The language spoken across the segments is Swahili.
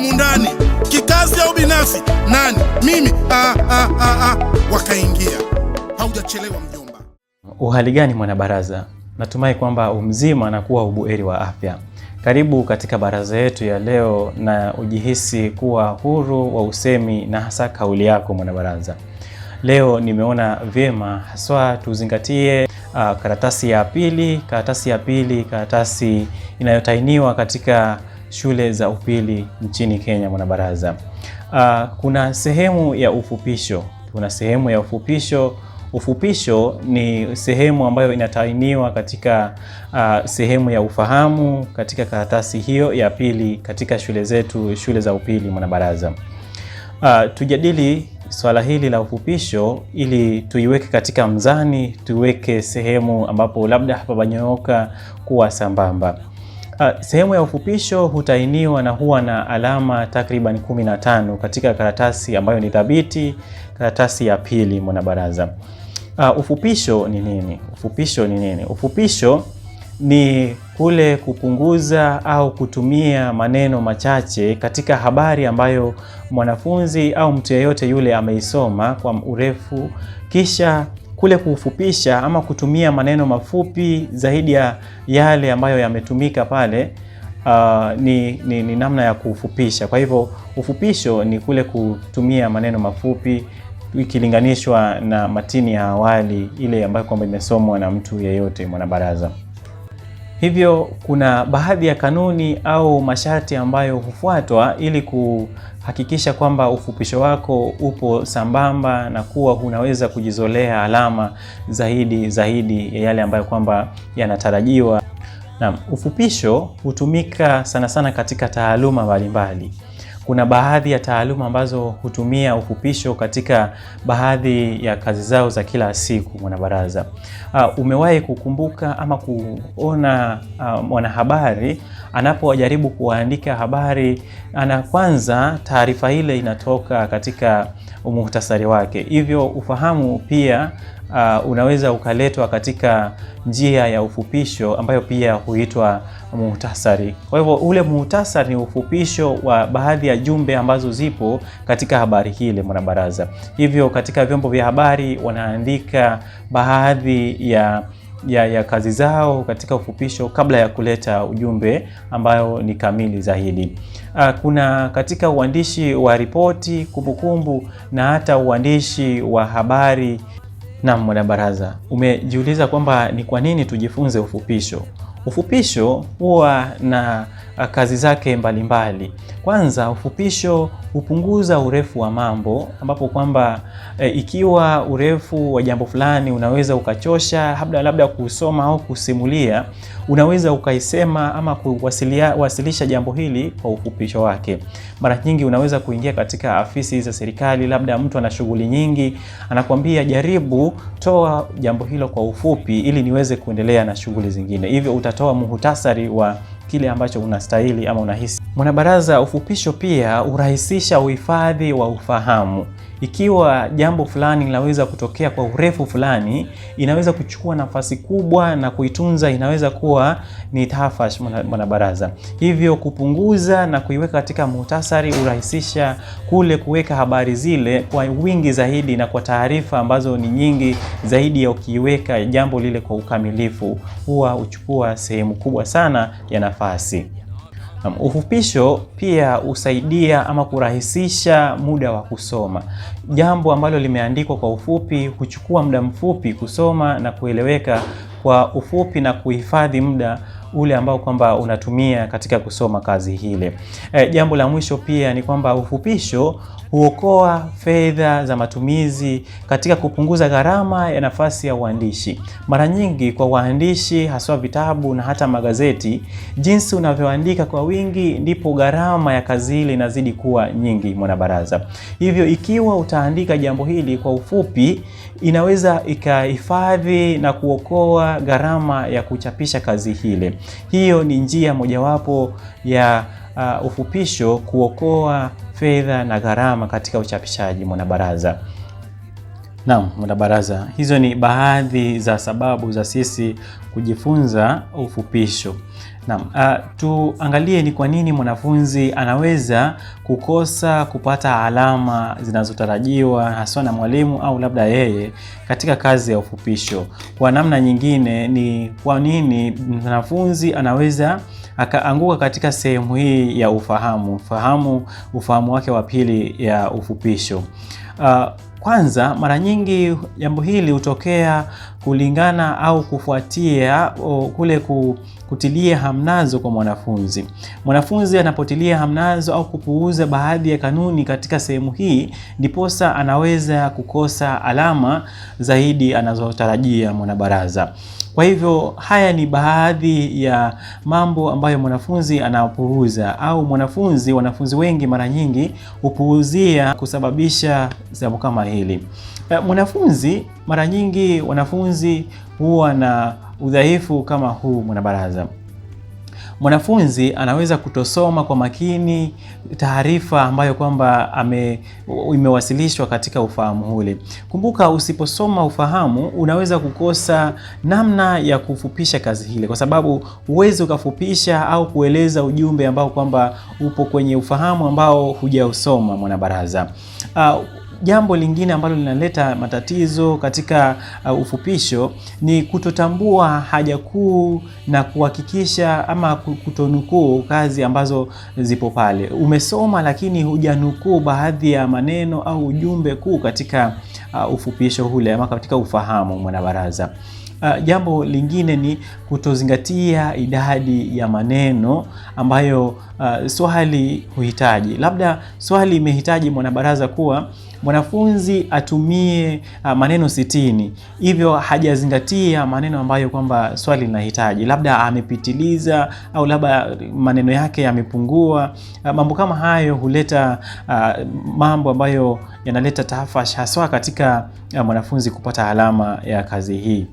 humu ndani, kikazi au binafsi? Nani? Mimi? Ah, ah, ah, ah, ah. Wakaingia, haujachelewa mjomba. Uhali gani mwanabaraza, natumai kwamba umzima na kuwa ubueri wa afya. Karibu katika baraza yetu ya leo na ujihisi kuwa huru wa usemi na hasa kauli yako mwanabaraza. Leo nimeona vyema haswa tuzingatie uh, karatasi ya pili, karatasi ya pili, karatasi inayotainiwa katika shule za upili nchini Kenya, mwanabaraza. Uh, kuna sehemu ya ufupisho, kuna sehemu ya ufupisho. Ufupisho ni sehemu ambayo inatainiwa katika uh, sehemu ya ufahamu katika karatasi hiyo ya pili katika shule zetu, shule za upili mwanabaraza. Uh, tujadili swala hili la ufupisho ili tuiweke katika mzani, tuiweke sehemu ambapo labda hapa hapabanyooka kuwa sambamba. Uh, sehemu ya ufupisho hutainiwa na huwa na alama takriban 15 katika karatasi ambayo ni thabiti, karatasi ya pili mwanabaraza. Uh, ufupisho ni nini? Ufupisho ni nini? Ufupisho ni kule kupunguza au kutumia maneno machache katika habari ambayo mwanafunzi au mtu yeyote yule ameisoma kwa urefu, kisha kule kufupisha ama kutumia maneno mafupi zaidi ya yale ambayo yametumika pale Uh, ni, ni, ni namna ya kufupisha. Kwa hivyo ufupisho ni kule kutumia maneno mafupi ikilinganishwa na matini ya awali ile ambayo kwamba imesomwa na mtu yeyote mwanabaraza. Hivyo kuna baadhi ya kanuni au masharti ambayo hufuatwa ili kuhakikisha kwamba ufupisho wako upo sambamba na kuwa unaweza kujizolea alama zaidi zaidi ya yale ambayo kwamba yanatarajiwa. Naam, ufupisho hutumika sana sana katika taaluma mbalimbali kuna baadhi ya taaluma ambazo hutumia ufupisho katika baadhi ya kazi zao za kila siku. Mwanabaraza, uh, umewahi kukumbuka ama kuona uh, mwanahabari anapojaribu kuandika habari, ana kwanza taarifa ile inatoka katika muhtasari wake, hivyo ufahamu pia uh, unaweza ukaletwa katika njia ya ufupisho ambayo pia huitwa muhtasari. Kwa hivyo ule muhtasari ni ufupisho wa baadhi ya jumbe ambazo zipo katika habari hile mwanabaraza. Hivyo katika vyombo vya habari wanaandika baadhi ya ya, ya kazi zao katika ufupisho kabla ya kuleta ujumbe ambayo ni kamili zaidi. Uh, kuna katika uandishi wa ripoti, kumbukumbu na hata uandishi wa habari Naam, mwanabaraza, umejiuliza kwamba ni kwa nini tujifunze ufupisho. Ufupisho huwa na Eh, kazi zake mbalimbali mbali. Kwanza, ufupisho hupunguza urefu wa mambo ambapo kwamba e, ikiwa urefu wa jambo fulani unaweza ukachosha labda labda kusoma au kusimulia, unaweza ukaisema ama kuwasilisha jambo hili kwa ufupisho wake. Mara nyingi unaweza kuingia katika afisi za serikali, labda mtu ana shughuli nyingi, anakuambia jaribu toa jambo hilo kwa ufupi ili niweze kuendelea na shughuli zingine, hivyo utatoa muhutasari wa kile ambacho unastahili ama unahisi. Mwanabaraza, ufupisho pia hurahisisha uhifadhi wa ufahamu. Ikiwa jambo fulani linaweza kutokea kwa urefu fulani, inaweza kuchukua nafasi kubwa na kuitunza inaweza kuwa ni tahafash mwanabaraza. Hivyo kupunguza na kuiweka katika muhtasari urahisisha kule kuweka habari zile kwa wingi zaidi na kwa taarifa ambazo ni nyingi zaidi ya ukiiweka jambo lile kwa ukamilifu, huwa huchukua sehemu kubwa sana ya nafasi. Ufupisho pia husaidia ama kurahisisha muda wa kusoma. Jambo ambalo limeandikwa kwa ufupi huchukua muda mfupi kusoma na kueleweka kwa ufupi na kuhifadhi muda ule ambao kwamba unatumia katika kusoma kazi hile. E, jambo la mwisho pia ni kwamba ufupisho huokoa fedha za matumizi katika kupunguza gharama ya nafasi ya uandishi. Mara nyingi kwa waandishi haswa vitabu na hata magazeti, jinsi unavyoandika kwa wingi ndipo gharama ya kazi ile inazidi kuwa nyingi, mwanabaraza. Hivyo ikiwa utaandika jambo hili kwa ufupi, inaweza ikahifadhi na kuokoa gharama ya kuchapisha kazi hile. Hiyo ni njia mojawapo ya uh, ufupisho kuokoa fedha na gharama katika uchapishaji mwanabaraza. Naam, mwanabaraza, hizo ni baadhi za sababu za sisi kujifunza ufupisho. Naam, uh, tuangalie ni kwa nini mwanafunzi anaweza kukosa kupata alama zinazotarajiwa haswa na mwalimu au labda yeye katika kazi ya ufupisho. Kwa namna nyingine ni kwa nini mwanafunzi anaweza akaanguka katika sehemu hii ya ufahamu, ufahamu, ufahamu wake wa pili ya ufupisho. Uh, kwanza mara nyingi jambo hili hutokea kulingana au kufuatia kule ku kutilia hamnazo kwa mwanafunzi. Mwanafunzi anapotilia hamnazo au kupuuza baadhi ya kanuni katika sehemu hii, ndiposa anaweza kukosa alama zaidi anazotarajia mwanabaraza. Kwa hivyo haya ni baadhi ya mambo ambayo mwanafunzi anapuuza au mwanafunzi, wanafunzi wengi mara nyingi hupuuzia kusababisha jambo kama hili. Eh, mwanafunzi mara nyingi wanafunzi huwa na udhaifu kama huu, mwanabaraza? Mwanafunzi anaweza kutosoma kwa makini taarifa ambayo kwamba ame imewasilishwa katika ufahamu ule. Kumbuka, usiposoma ufahamu unaweza kukosa namna ya kufupisha kazi ile, kwa sababu huwezi ukafupisha au kueleza ujumbe ambao kwamba upo kwenye ufahamu ambao hujausoma mwanabaraza. Uh, jambo lingine ambalo linaleta matatizo katika uh, ufupisho ni kutotambua haja kuu na kuhakikisha ama kutonukuu kazi ambazo zipo pale. Umesoma lakini hujanukuu baadhi ya maneno au ujumbe kuu katika uh, ufupisho hule ama katika ufahamu mwanabaraza. Uh, jambo lingine ni kutozingatia idadi ya maneno ambayo uh, swali huhitaji. Labda swali imehitaji mwanabaraza kuwa mwanafunzi atumie ah, maneno sitini, hivyo hajazingatia maneno ambayo kwamba swali linahitaji, labda amepitiliza au labda maneno yake yamepungua. Ah, mambo kama hayo huleta uh, mambo ambayo yanaleta tafash haswa katika uh, mwanafunzi kupata alama ya kazi hii.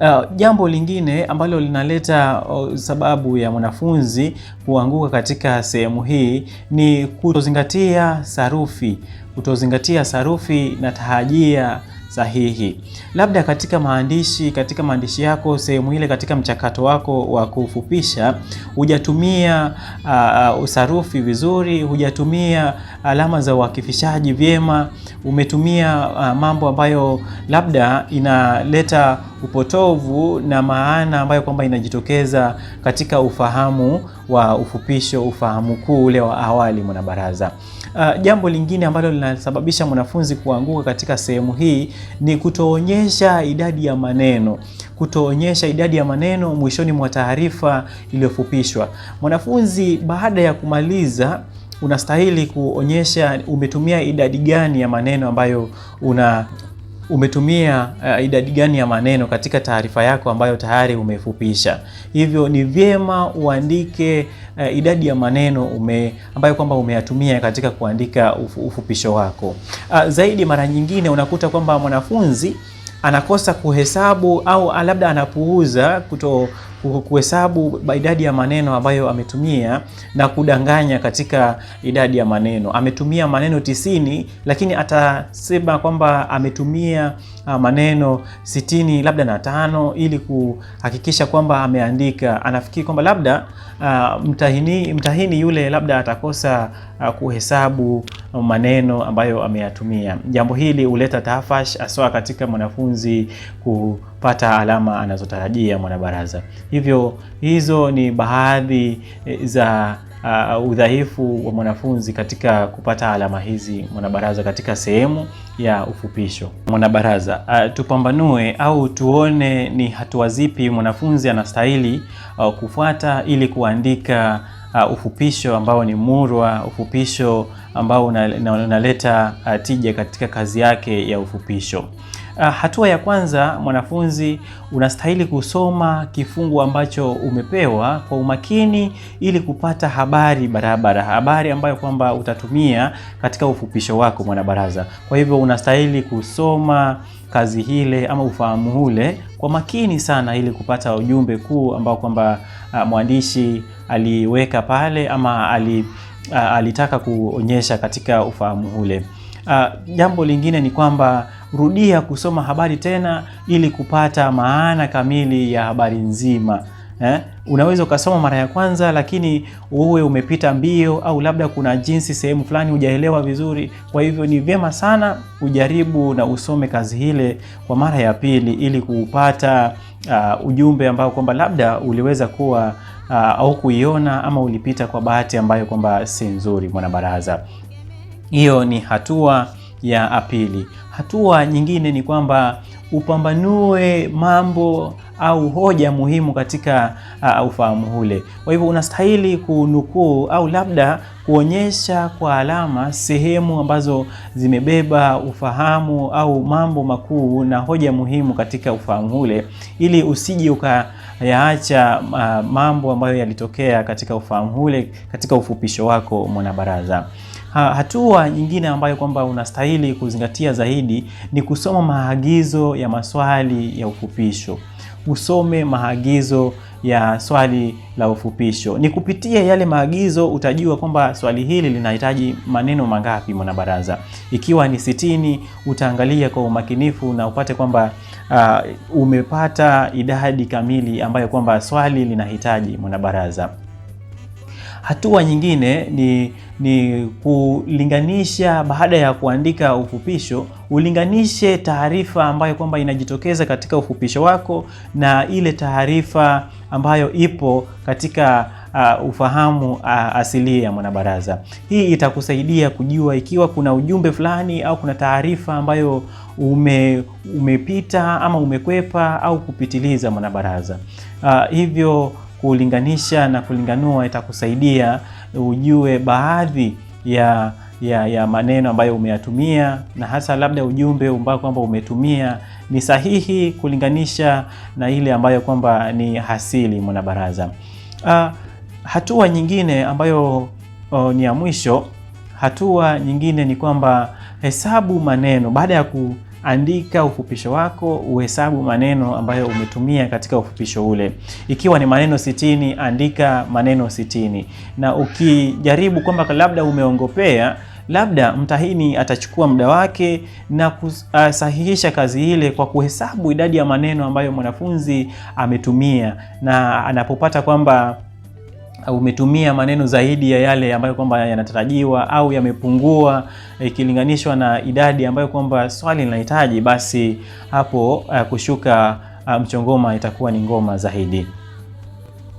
Uh, jambo lingine ambalo linaleta uh, sababu ya mwanafunzi kuanguka katika sehemu hii ni kutozingatia sarufi, kutozingatia sarufi na tahajia sahihi. Labda katika maandishi, katika maandishi yako sehemu ile, katika mchakato wako wa kufupisha hujatumia uh, uh sarufi vizuri, hujatumia alama za uakifishaji vyema umetumia uh, mambo ambayo labda inaleta upotovu na maana ambayo kwamba inajitokeza katika ufahamu wa ufupisho, ufahamu kuu ule wa awali mwanabaraza. Uh, jambo lingine ambalo linasababisha mwanafunzi kuanguka katika sehemu hii ni kutoonyesha idadi ya maneno, kutoonyesha idadi ya maneno mwishoni mwa taarifa iliyofupishwa. Mwanafunzi baada ya kumaliza unastahili kuonyesha umetumia idadi gani ya maneno ambayo una umetumia uh, idadi gani ya maneno katika taarifa yako ambayo tayari umefupisha. Hivyo ni vyema uandike uh, idadi ya maneno ume, ambayo kwamba umeyatumia katika kuandika ufupisho wako. Uh, zaidi mara nyingine unakuta kwamba mwanafunzi anakosa kuhesabu au ah, labda anapuuza kuto kuhesabu idadi ya maneno ambayo ametumia na kudanganya katika idadi ya maneno. Ametumia maneno tisini, lakini atasema kwamba ametumia ah, maneno sitini labda na tano ili kuhakikisha kwamba ameandika. Anafikiri kwamba labda uh, mtahini, mtahini yule labda atakosa uh, kuhesabu maneno ambayo ameyatumia. Jambo hili huleta tafash aswa katika mwanafunzi kupata alama anazotarajia mwanabaraza. Hivyo hizo ni baadhi eh, za Uh, udhaifu wa mwanafunzi katika kupata alama hizi mwanabaraza, katika sehemu ya ufupisho. Mwanabaraza, uh, tupambanue au tuone ni hatua zipi mwanafunzi anastahili uh, kufuata ili kuandika uh, ufupisho ambao ni murwa, ufupisho ambao unaleta una, uh, tija katika kazi yake ya ufupisho. Uh, hatua ya kwanza, mwanafunzi unastahili kusoma kifungu ambacho umepewa kwa umakini ili kupata habari barabara, habari ambayo kwamba utatumia katika ufupisho wako mwanabaraza. Kwa hivyo unastahili kusoma kazi hile ama ufahamu ule kwa makini sana, ili kupata ujumbe kuu ambao kwamba uh, mwandishi aliweka pale ama ali, uh, alitaka kuonyesha katika ufahamu ule. Uh, jambo lingine ni kwamba rudia kusoma habari tena ili kupata maana kamili ya habari nzima eh? Unaweza ukasoma mara ya kwanza, lakini uwe umepita mbio, au labda kuna jinsi sehemu fulani hujaelewa vizuri. Kwa hivyo ni vyema sana ujaribu na usome kazi ile kwa mara ya pili, ili kuupata uh, ujumbe ambao kwamba labda uliweza kuwa uh, au kuiona ama ulipita kwa bahati ambayo kwamba si nzuri, mwanabaraza. Hiyo ni hatua ya pili. Hatua nyingine ni kwamba upambanue mambo au hoja muhimu katika uh, ufahamu ule. Kwa hivyo unastahili kunukuu au labda kuonyesha kwa alama sehemu ambazo zimebeba ufahamu au mambo makuu na hoja muhimu katika ufahamu ule, ili usije ukayaacha uh, mambo ambayo yalitokea katika ufahamu ule katika ufupisho wako mwanabaraza. Ha, hatua nyingine ambayo kwamba unastahili kuzingatia zaidi ni kusoma maagizo ya maswali ya ufupisho. Usome maagizo ya swali la ufupisho. Ni kupitia yale maagizo utajua kwamba swali hili linahitaji maneno mangapi, mwanabaraza. Ikiwa ni sitini, utaangalia kwa umakinifu na upate kwamba uh, umepata idadi kamili ambayo kwamba swali linahitaji, mwanabaraza. Hatua nyingine ni, ni kulinganisha. Baada ya kuandika ufupisho, ulinganishe taarifa ambayo kwamba inajitokeza katika ufupisho wako na ile taarifa ambayo ipo katika Uh, ufahamu uh, asilia ya mwanabaraza. Hii itakusaidia kujua ikiwa kuna ujumbe fulani au kuna taarifa ambayo ume, umepita ama umekwepa au kupitiliza mwanabaraza. Uh, hivyo kulinganisha na kulinganua itakusaidia ujue baadhi ya ya ya maneno ambayo umeyatumia na hasa labda ujumbe ambao kwamba umetumia ni sahihi kulinganisha na ile ambayo kwamba ni hasili mwanabaraza. Uh, hatua nyingine ambayo uh, ni ya mwisho. Hatua nyingine ni kwamba hesabu maneno baada ya ku andika ufupisho wako, uhesabu maneno ambayo umetumia katika ufupisho ule. Ikiwa ni maneno sitini, andika maneno sitini, na ukijaribu kwamba labda umeongopea labda mtahini atachukua muda wake na kusahihisha kazi ile kwa kuhesabu idadi ya maneno ambayo mwanafunzi ametumia, na anapopata kwamba umetumia maneno zaidi ya yale ambayo kwamba yanatarajiwa au yamepungua eh, ikilinganishwa na idadi ambayo kwamba swali linahitaji, basi hapo uh, kushuka uh, mchongoma itakuwa ni ngoma zaidi.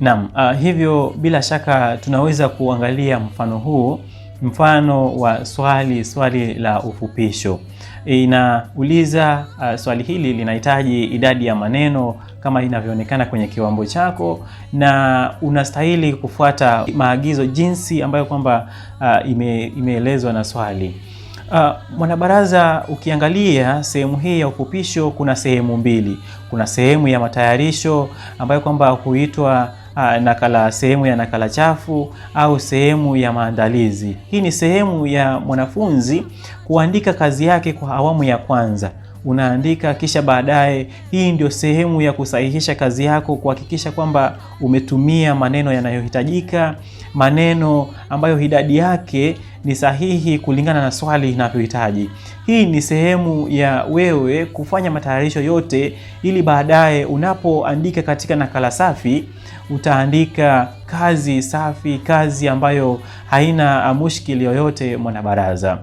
Naam, uh, hivyo bila shaka tunaweza kuangalia mfano huu mfano wa swali, swali la ufupisho inauliza uh, swali hili linahitaji idadi ya maneno kama inavyoonekana kwenye kiwambo chako, na unastahili kufuata maagizo jinsi ambayo kwamba uh, ime, imeelezwa na swali. Uh, mwanabaraza, ukiangalia sehemu hii ya ufupisho kuna sehemu mbili. Kuna sehemu ya matayarisho ambayo kwamba huitwa Ah, nakala sehemu ya nakala chafu au sehemu ya maandalizi. Hii ni sehemu ya mwanafunzi kuandika kazi yake kwa awamu ya kwanza unaandika, kisha baadaye, hii ndio sehemu ya kusahihisha kazi yako, kuhakikisha kwamba umetumia maneno yanayohitajika, maneno ambayo idadi yake ni sahihi kulingana na swali inavyohitaji Hii ni sehemu ya wewe kufanya matayarisho yote, ili baadaye unapoandika katika nakala safi utaandika kazi safi, kazi ambayo haina mushkili yoyote mwanabaraza.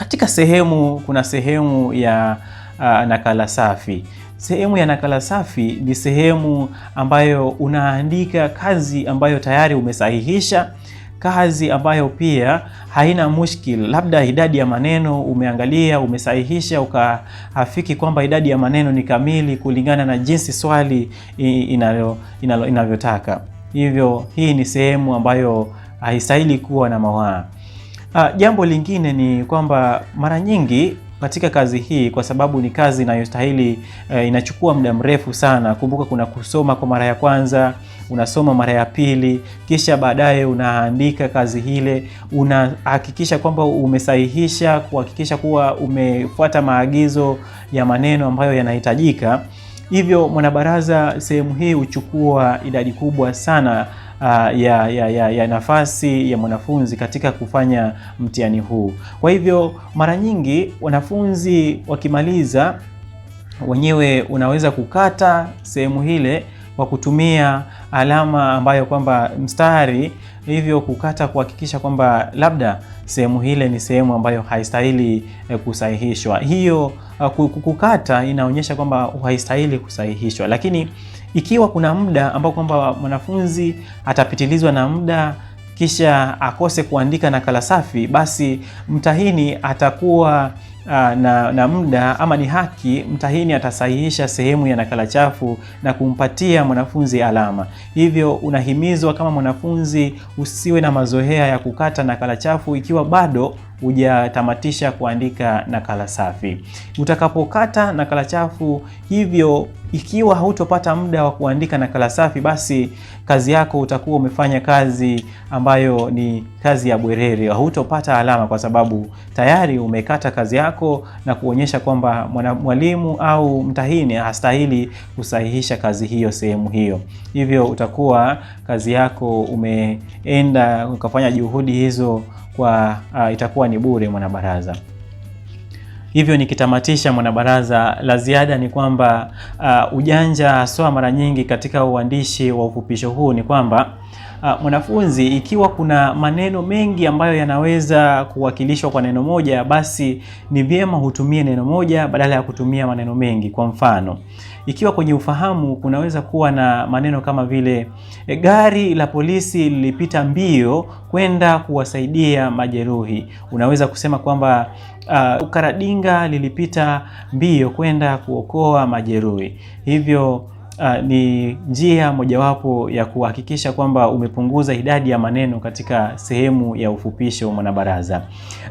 Katika sehemu kuna sehemu ya uh, nakala safi. Sehemu ya nakala safi ni sehemu ambayo unaandika kazi ambayo tayari umesahihisha, kazi ambayo pia haina mushkil, labda idadi ya maneno umeangalia, umesahihisha, ukahafiki kwamba idadi ya maneno ni kamili kulingana na jinsi swali inavyotaka. Hivyo hii ni sehemu ambayo haistahili kuwa na mawaa. Ah, jambo lingine ni kwamba mara nyingi katika kazi hii kwa sababu ni kazi inayostahili eh, inachukua muda mrefu sana. Kumbuka kuna kusoma kwa mara ya kwanza, unasoma mara ya pili, kisha baadaye unaandika kazi hile, unahakikisha kwamba umesahihisha, kuhakikisha kuwa umefuata maagizo ya maneno ambayo yanahitajika. Hivyo mwanabaraza sehemu hii huchukua idadi kubwa sana uh, ya, ya, ya, ya nafasi ya mwanafunzi katika kufanya mtihani huu. Kwa hivyo mara nyingi wanafunzi wakimaliza wenyewe unaweza kukata sehemu ile kwa kutumia alama ambayo kwamba mstari, hivyo kukata kuhakikisha kwamba labda sehemu ile ni sehemu ambayo haistahili eh, kusahihishwa. Hiyo uh, kukata inaonyesha kwamba haistahili kusahihishwa, lakini ikiwa kuna muda ambao kwamba mwanafunzi atapitilizwa na muda kisha akose kuandika nakala safi, basi mtahini atakuwa ah, na, na muda ama ni haki mtahini atasahihisha sehemu ya nakala chafu na kumpatia mwanafunzi alama. Hivyo unahimizwa kama mwanafunzi usiwe na mazoea ya kukata nakala chafu ikiwa bado hujatamatisha kuandika nakala safi. Utakapokata nakala chafu hivyo, ikiwa hautopata muda wa kuandika nakala safi, basi kazi yako utakuwa umefanya kazi ambayo ni kazi ya bwerere, hautopata alama, kwa sababu tayari umekata kazi yako na kuonyesha kwamba mwalimu au mtahini hastahili kusahihisha kazi hiyo sehemu hiyo. Hivyo utakuwa kazi yako umeenda ukafanya juhudi hizo kwa uh, itakuwa ni bure mwanabaraza. Hivyo nikitamatisha mwanabaraza, la ziada ni kwamba uh, ujanja haswa mara nyingi katika uandishi wa ufupisho huu ni kwamba uh, mwanafunzi, ikiwa kuna maneno mengi ambayo yanaweza kuwakilishwa kwa neno moja, basi ni vyema hutumie neno moja badala ya kutumia maneno mengi. Kwa mfano, ikiwa kwenye ufahamu kunaweza kuwa na maneno kama vile e, gari la polisi lilipita mbio kwenda kuwasaidia majeruhi, unaweza kusema kwamba uh, ah, ukaradinga lilipita mbio kwenda kuokoa majeruhi. Hivyo uh, ni njia mojawapo ya kuhakikisha kwamba umepunguza idadi ya maneno katika sehemu ya ufupisho mwanabaraza.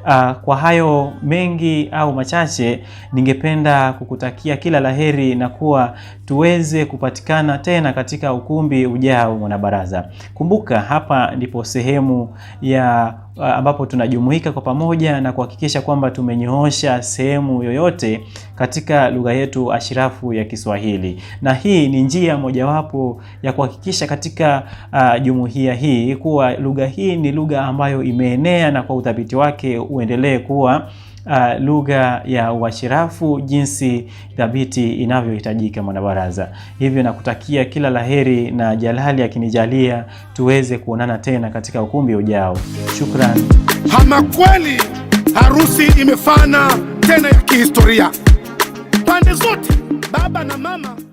Uh, kwa hayo mengi au machache, ningependa kukutakia kila laheri na kuwa tuweze kupatikana tena katika ukumbi ujao mwanabaraza. Kumbuka hapa ndipo sehemu ya ambapo tunajumuika kwa pamoja na kuhakikisha kwamba tumenyoosha sehemu yoyote katika lugha yetu ashirafu ya Kiswahili, na hii ni njia mojawapo ya kuhakikisha katika uh, jumuiya hii kuwa lugha hii ni lugha ambayo imeenea na kwa uthabiti wake uendelee kuwa uh, lugha ya uashirafu jinsi thabiti inavyohitajika mwanabaraza. Hivyo nakutakia kila laheri na Jalali akinijalia tuweze kuonana tena katika ukumbi ujao. shukran Ama kweli harusi imefana tena ya kihistoria, pande zote, baba na mama.